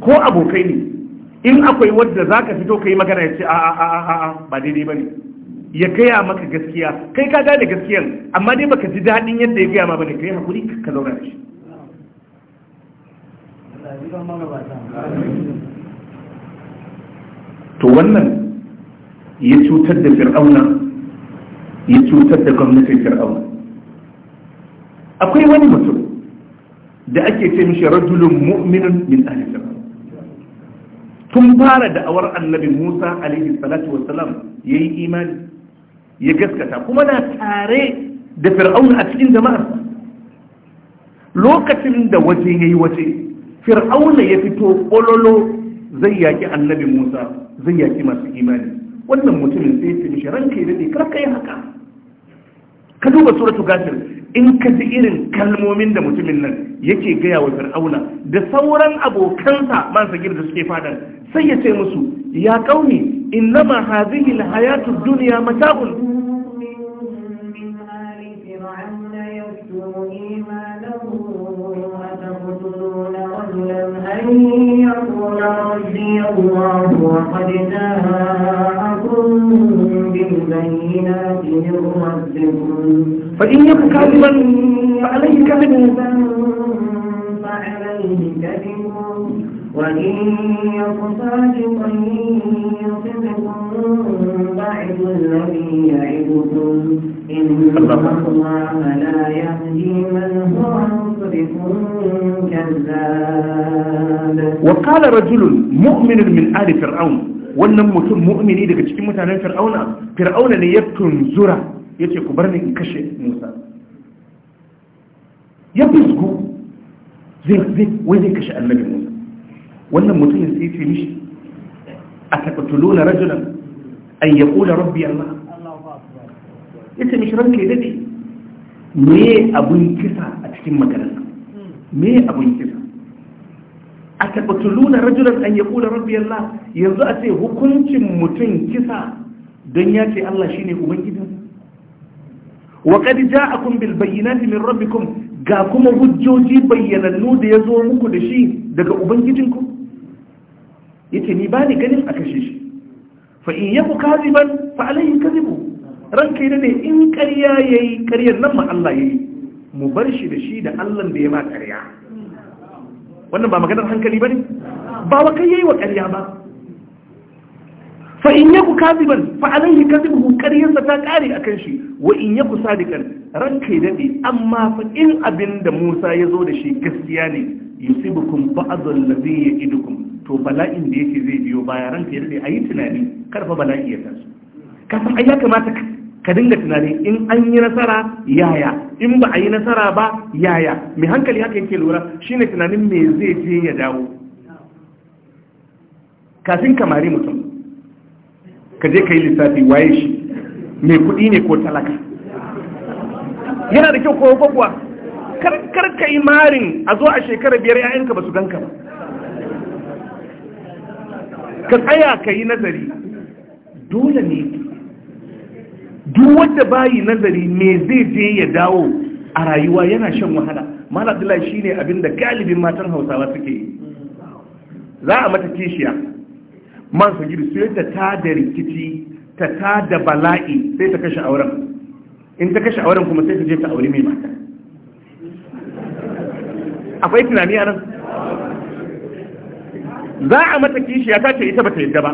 ko abokai ne in akwai wadda za ka fito ka yi magana ya ce a a a a ba daidai ba ne ya gaya maka gaskiya kai ka gane gaskiyan amma dai baka ji daɗin yadda ya gaya ma ba ne ka yi hakuri ka zauna da shi to wannan ya cutar da fir'auna ya cutar da gwamnatin fir'auna akwai wani mutum da ake ce mishi rajulun mu'minin min ahli tun fara da'awar annabi Musa alaihi salatu wassalam yayi imani ya gaskata kuma na tare da fir'auna a cikin jama'ar lokacin da waje yayi waje fir'auna ya fito kololo zai yaki annabi Musa zai yaki masu imani wannan mutumin sai ya mishi ranka ya dade karka yi haka ka duba suratu gafir in ka ji irin kalmomin da mutumin nan yake gaya wa fir'auna da sauran abokansa man sagir da suke fadan sai ya ce musu ya kauni innama hadhihi alhayatu dunya mata'un يقول رجل يأتي الله وقد جاءكم بالبينات من ربكم فإن يك كاذبا فعليه كذبه فعليه كذبه وقال رجل مؤمن من آل فرعون wannan mutum mu'mini daga cikin mutanen fir'auna fir'auna ne ya tunzura ya ce ku bar ni in kashe musa ya fisgo zai zai wai zai kashe annabi musa wannan mutumin sai ce mishi a na rajulan an ya ƙula rabbi Allah ya ce mishi ranka daɗe me abin kisa a cikin maganar me abin kisa a na rajulan an ya ƙula rabbi Allah yanzu a ce hukuncin mutum kisa don ya ce Allah shi ne ubangijinsa wa kad ja'akum bil bayyinati min rabbikum ga kuma hujjoji bayyanannu da ya zo muku da shi daga ubangijinku yace ni ba ni ganin a kashe shi fa in yaku kaziban fa alayhi kazibu ranka ne in ƙarya yayi ƙaryar nan ma Allah yayi mu bar shi da shi da Allah da ya ma ƙarya wannan ba maganar hankali bane ba wa kai yayi wa ƙarya ba fa in yaku kaziban fa alayhi kazibu ƙaryarsa ta ƙare akan shi wa in yaku sadiqan ranka dade amma fa in abinda Musa ya zo da shi gaskiya ne yusibukum ba'd allazi ya'idukum to bala'in da yake zai biyo baya ranka yadda a yi tunani karfa bala'i ya taso kasan ai ya kamata ka dinga tunani in an yi nasara yaya in ba a yi nasara ba yaya mai hankali haka yake lura shine tunanin me zai je ya dawo kafin kamari mutum ka je ka yi lissafi waye shi mai kuɗi ne ko talaka yana da kyau ko kwakwa kar ka yi marin a zo a shekara biyar 'ya'yanka ba su ganka ba ka tsaya ka yi nazari dole ne duk wanda bayi nazari me zai je ya dawo a rayuwa yana shan wahala mala abdullahi ne abin da galibin matan hausawa suke yi za a mata kishiya man su gidi su yadda ta da rikici ta ta da bala'i sai ta kashe auren in ta kashe auren kuma sai ta je ta aure mai mata akwai tunani a nan za a mata kishiya ta ce ita ba ta yadda ba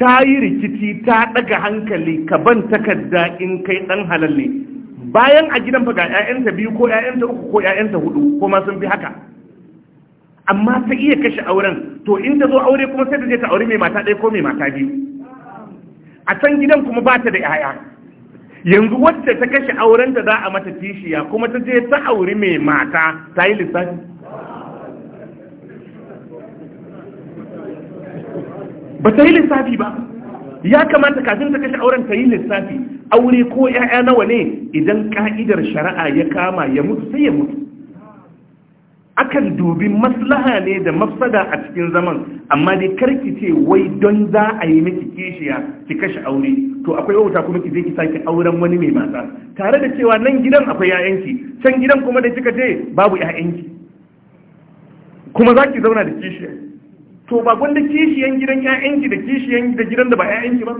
ta yi rikici ta daga hankali ka ban takarda in kai dan halal ne bayan a gidan fa ga ƴaƴanta biyu ko ƴaƴanta uku ko ƴaƴanta hudu ko sun fi haka amma ta iya kashe auren to in ta zo aure kuma sai ta je ta aure mai mata ɗaya ko mai mata biyu a can gidan kuma ba ta da ƴaƴa yanzu wacce ta kashe auren da za a mata kishiya kuma ta je ta aure mai mata ta yi lissafi ba ta yi lissafi ba ya kamata kafin ta kashe auren ta yi lissafi aure ko ‘ya'ya nawa ne idan ka'idar shari'a ya kama ya mutu sai ya mutu akan dubi maslaha ne da mafsada a cikin zaman amma dai karki ce wai don za a yi miki kishiya ki kashe aure to akwai wauta kuma ki je ki sake auren wani mai mata tare da cewa nan gidan akwai ‘ya'yanki can gidan kuma da kika je babu ‘ya'yanki kuma za ki zauna da kishiya to ba gwanda kishiyan gidan ƴaƴanki da kishiyan da gidan da ba ƴaƴanki ba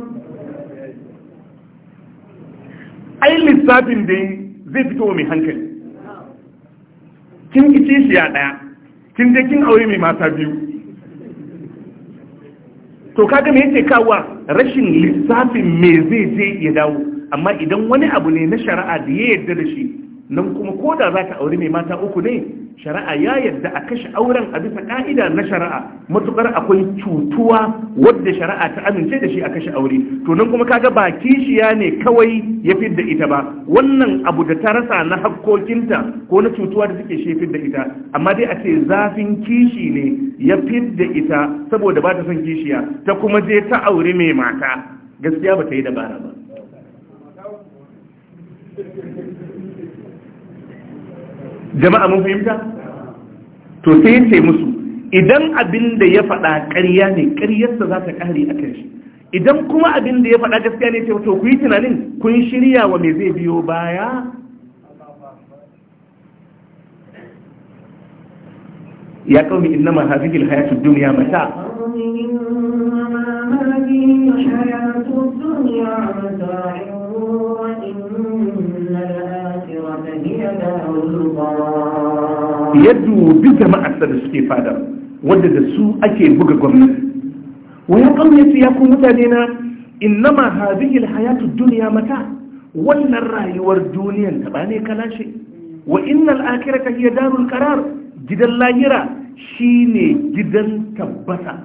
ai lissafin da zai fito mai hankali kin ki kishiya ɗaya kin je kin aure mai mata biyu to kaga me yake kawo rashin lissafin me zai je ya dawo amma idan wani abu ne na shari'a da ya yarda da shi nan kuma ko da za ka aure mai mata uku ne shari'a ya yadda a kashe auren a bisa ka'ida na shari'a matukar akwai cutuwa wadda shari'a ta amince da shi a kashe aure to nan kuma kaga ba kishiya ne kawai ya fidda ita ba wannan abu da ta rasa na hakkokinta ko na cutuwa da take shi fidda ita amma dai a ce zafin kishi ne ya fidda ita saboda ba ta son kishiya ta kuma je ta aure mai mata gaskiya ba ta yi dabara ba jama'a mun fahimta to sai ya ce musu idan abin da ya faɗa ƙarya ne ƙaryarsa za ta ƙare a kan idan kuma abin da ya faɗa gaskiya ne to ku yi tunanin kun shirya wa me zai biyo baya ya kaumi inna ma hadhihi alhayatu duniya dunya mata inna ya dubi jama'arsa da suke fada wadda da su ake buga gwamnati wa ya kauye ya ku mutane na innama hadhihi alhayatu duniya mata wannan rayuwar duniyan ta bane kalashi wa innal akhirata iya darul qarar gidan lahira shine gidan tabbata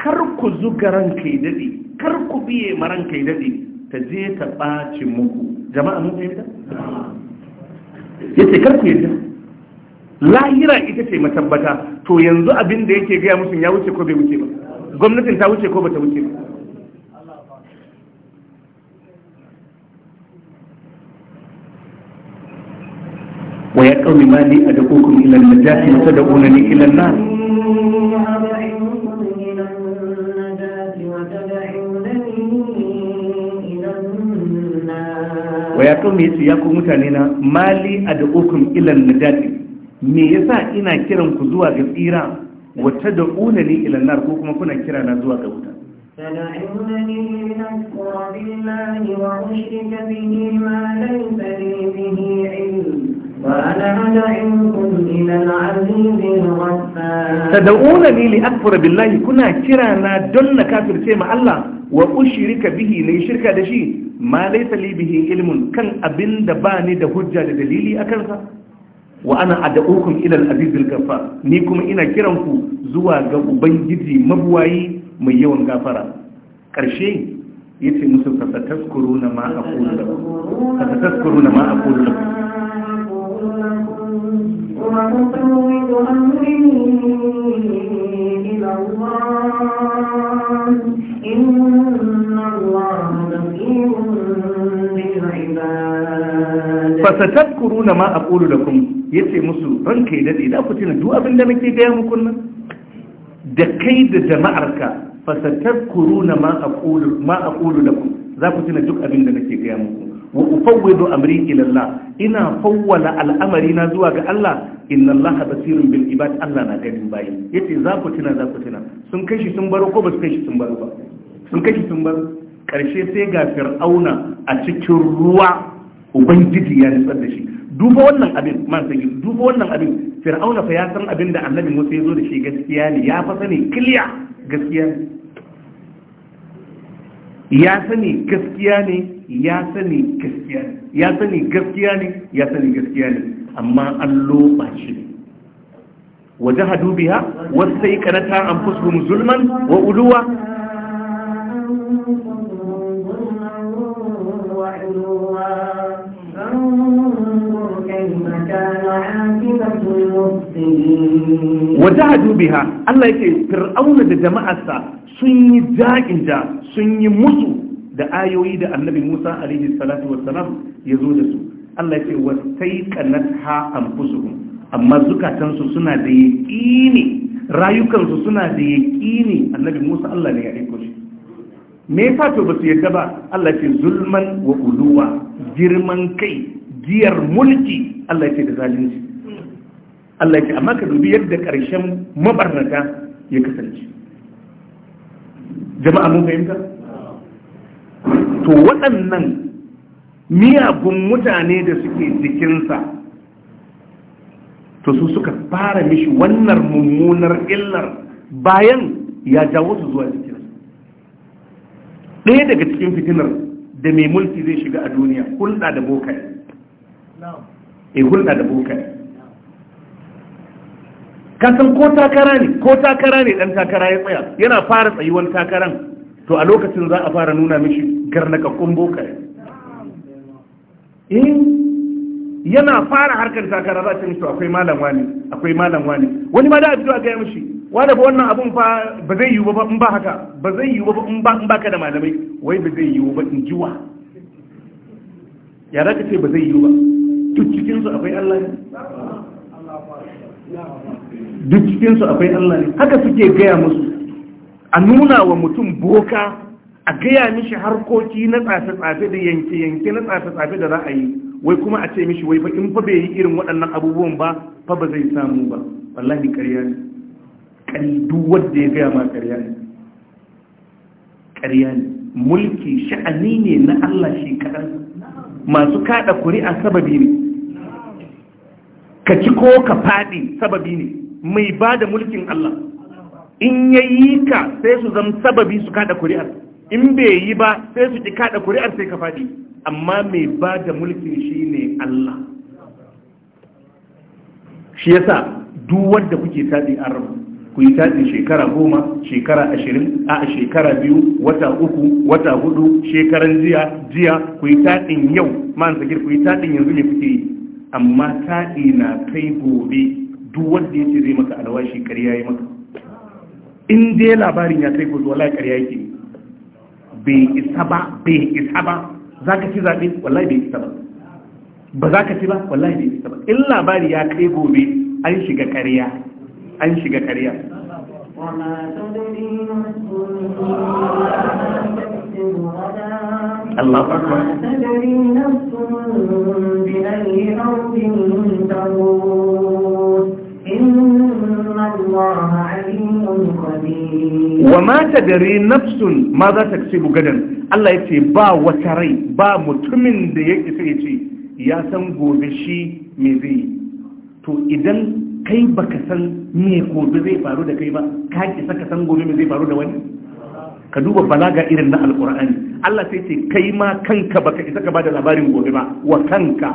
kar ku zuga ranka daɗi, kar ku biye yi daɗi, ta je ta ɓaci muku jama'a mun fahimta yace kar ku yadda lahira ita ce matabbata to yanzu abin da yake gaya musu ya wuce ko bai wuce ba gwamnatin ta wuce ko bata wuce ba wa ya qaumi Mali a da ila al-najati wa tad'unani ila an-nar wa ya kawo yace ya ku mutane na mali ad'ukum ila najati me yasa ina kiran ku zuwa ga tsira wa tad'unani ila nar ko kuma kuna kira na zuwa ga wuta تدعونني لنذكر بالله وأشرك به ما ليس لي به علم وأنا أدعوكم إلى wa ushirika bihi ne shirka da shi ma laysa li bihi ilmun kan abin da ba ni da hujja da dalili a kansa wa ana ad'ukum ila al-aziz al-ghaffar ni kuma ina kiran ku zuwa ga ubangiji mabuwayi mai yawan gafara karshe yace musu fasataskuruna ma aqulu lakum fasataskuruna ma aqulu lakum fasatadkuru na ma a ƙoro da kuma ce musu ranka yi daɗe za ku tuna duk abin da nake gaya muku nan da kai da jama'arka fasatadkuru na ma a ƙoro da kuma za ku tuna duk abin da nake gaya muku wa ufawwidu amri ila Allah ina fawwala al'amari na zuwa ga Allah inna Allah basirun bil ibad Allah na ganin bayi yace za ku tuna za ku tuna sun kai shi sun baro ko ba su kai shi sun baro ba sun kashe sun bar karshe sai ga fir'auna a cikin ruwa ubangiji ya nutsar da shi duba wannan abin man sai duba wannan abin fir'auna fa ya san abin da annabi Musa ya zo da shi gaskiya ne ya fa sani kiliya gaskiya ne ya sani gaskiya ne ya sani gaskiya ne ya sani gaskiya ne ya sani gaskiya ne amma an loba shi wajahadu biha wasaiqanata anfusuhum zulman wa uluwa wata hajju biya Allah yake fir'auna da jama'arsa sun yi ja'inja sun yi musu da ayoyi da annabi musa alaihi salatu wa salam ya zo da su Allah yake wasai kanat ha amfusu amma zukatansu suna da ya rayukansu suna da ya ƙini annabi musa Allah ne ya aiko shi me ya to ba su yadda ba Allah ke zulman wa uluwa girman kai giyar mulki Allah ya ce da zalunci Allah ya ce amma ka dubi yadda ƙarshen mabarnata ya kasance jama'a mun fahimta to waɗannan miyagun mutane da suke jikinsa to su suka fara mishi wannan mummunar illar bayan ya jawo su zuwa jikinsa ɗaya daga cikin fitinar da mai mulki zai shiga a duniya hulɗa da bokai ya eh, hulɗa da bokaye kasan ko takara ne ko takara ne ɗan takara ya tsaya yana fara tsayuwan takaran to a lokacin za a fara nuna mishi garnakakkun bokaye eh, yana fara harkar takara za ta mishi akwai malam wani akwai malam wani wani ma da a fito a gaya mishi wanda ba wannan abun fa ba zai yiwu ba in ba haka ba zai yiwu ba in ba in ka da malamai wai ba zai yiwu ba in jiwa ya za ka ce ba zai yiwu ba duk cikinsu akwai Allah ne duk cikinsu akwai Allah ne haka suke gaya musu a nuna wa mutum boka a gaya mishi harkoki na tsafe-tsafe da yanke-yanke na tsafe-tsafe da ra'ayi wai kuma a ce mishi wai fa in fa bai yi irin waɗannan abubuwan ba fa ba zai samu ba wallahi ƙarya ne ƙaridu wadda ya gaya ma ƙarya ne ƙarya ne mulki sha'ani ne na Allah shi kaɗan masu kaɗa kuri'a sababi ne ka ci ko ka faɗi sababi ne mai ba da mulkin Allah in ya yi ka sai su zama sababi su kada kuri'ar in bai yi ba sai su ci kada kuri'ar sai ka faɗi amma mai ba da mulkin shi ne Allah shi yasa duk wanda kuke taɗi a rabu ku yi taɗi shekara goma shekara ashirin a shekara biyu wata uku wata hudu shekaran jiya jiya ku yi taɗin yau man zakir ku yi taɗin yanzu ne kuke yi amma taɗi na kai gobe duk wanda ya ce zai maka alwashi ƙarya ya maka in dai labarin ya kai gobe wallahi ƙarya yake bai isa ba bai isa ba za ka ci zaɓe wallahi bai isa ba ba za ka ci ba wallahi bai isa ba in labari ya kai gobe an shiga ƙarya an shiga ƙarya الله أكبر تدري نفس بأي أرض تموت wa ma tadari nafsun ma za ta Allah ya ce ba wata rai ba mutumin da ya isa ya ce ya san gobe shi me zai yi to idan kai baka san me gobe zai faru da kai ba ka ki san gobe me zai faru da wani ka duba balaga irin na alkur'ani Allah sai ce kai ma kanka baka isa ka bada labarin gobe ba wa kanka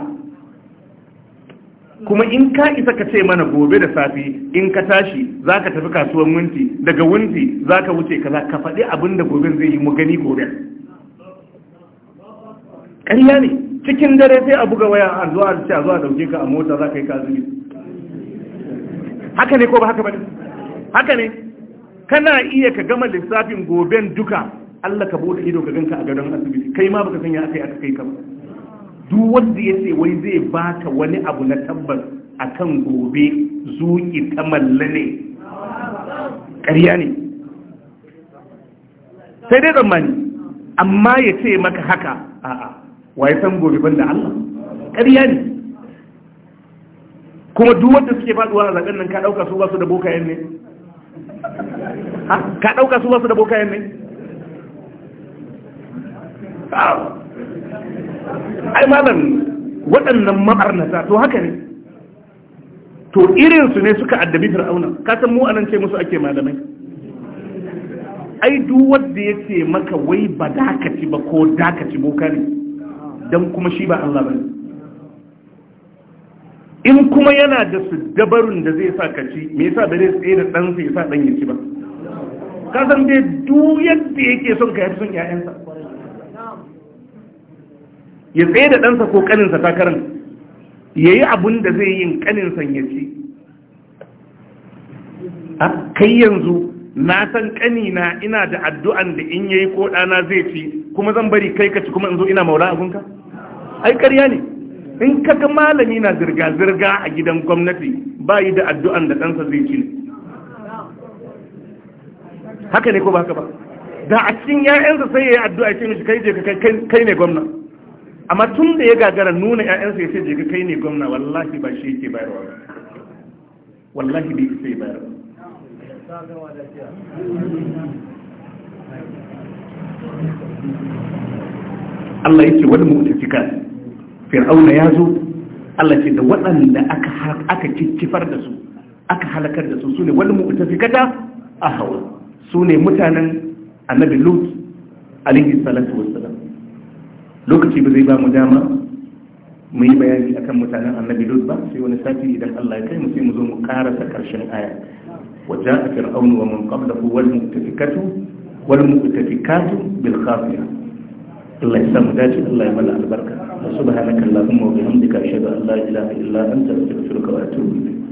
kuma in ka isa ka ce mana gobe da safi in ka tashi za ka tafi kasuwan minti daga wunti za ka wuce za ka faɗi abin da gobe zai yi mu gani gobe ƙarya ne cikin dare sai a buga waya a zuwa a zuwa dauke ka a mota za ka yi ka haka ne ko ba haka ba ne haka ne kana iya ka gama lissafin goben duka Allah ka bude ido ka ganka a gadon asibiti kai ma baka sanya akai aka kai ka duk wanda ya ce wai zai baka wani abu na tabbas akan gobe zuki ta malle ne ƙarya ne sai dai zamani amma ya ce maka haka a'a waye san gobe banda Allah ƙarya ne kuma duk wanda suke faduwa a zakan nan ka dauka su ba su da bokayen ne ka ɗauka su basu da bokayen ne ai malam waɗannan ma'arnata to haka ne to irinsu ne suka addabi fir'auna kasan mu anan ce musu ake malamai ai duk wanda yake maka wai ba dakaci ba ko dakaci boka ne don kuma shi ba Allah ba in kuma yana da su dabarun da zai sa ka ci me yasa bare zai tsaye da ɗansa ya sa ɗan yaci ba ka san dai duk yadda yake son ka yafi son ƴaƴansa ya tsaye da ɗansa ko ƙaninsa takarar ya yi abin da zai yin ƙaninsa ya ce a kai yanzu na san ƙanina ina da addu'an da in yayi ko ɗana zai ci kuma zan bari kai ka ci kuma in zo ina maula abunka ai ƙarya ne in ka ga malami na zirga-zirga a gidan gwamnati ba yi da addu'an da ɗansa zai ci ne haka ne ko ba haka ba da a cikin 'ya'yansa sai ya yi addu'a ce mishi kai je ka kai ne gwamna amma tun da ya gagara nuna 'ya'yansa ya ce je ka kai ne gwamna wallahi ba shi yake bayarwa wallahi bai sai bayarwa Allah yake wani mutafika fir'auna ya zo Allah ce da waɗanda aka aka da su aka halakar da su su ne wani mutafikata a hawa su ne mutanen annabi lut alihi salatu wa salam lokaci ba zai ba mu dama mu yi bayani akan mutanen annabi lut ba sai wani sati idan Allah ya kai mu sai mu zo mu karasa karshen aya wajen a fir'aunu wa mun kamta wal mutafikatu wal mutafikatu bil khafiya Allah ya samu dace Allah ya mala albarka subhanaka allahumma wa bihamdika ashhadu an la ilaha illa anta astaghfiruka wa atubu ilayk